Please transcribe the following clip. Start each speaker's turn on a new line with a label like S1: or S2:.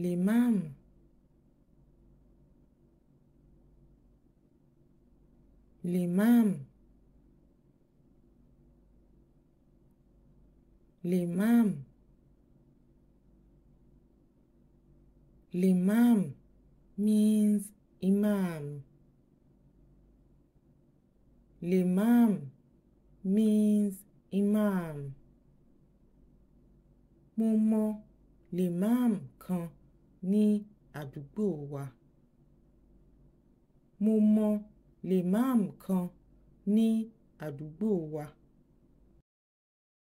S1: lèmáàmù lèmáàmù lèmáàmù lèmáàmù means imam lèmáàmù means imam mo mọ̀ lèmáàmù kan ní àdúgbò wa mo mọ lẹ́máàmù kan ní àdúgbò wa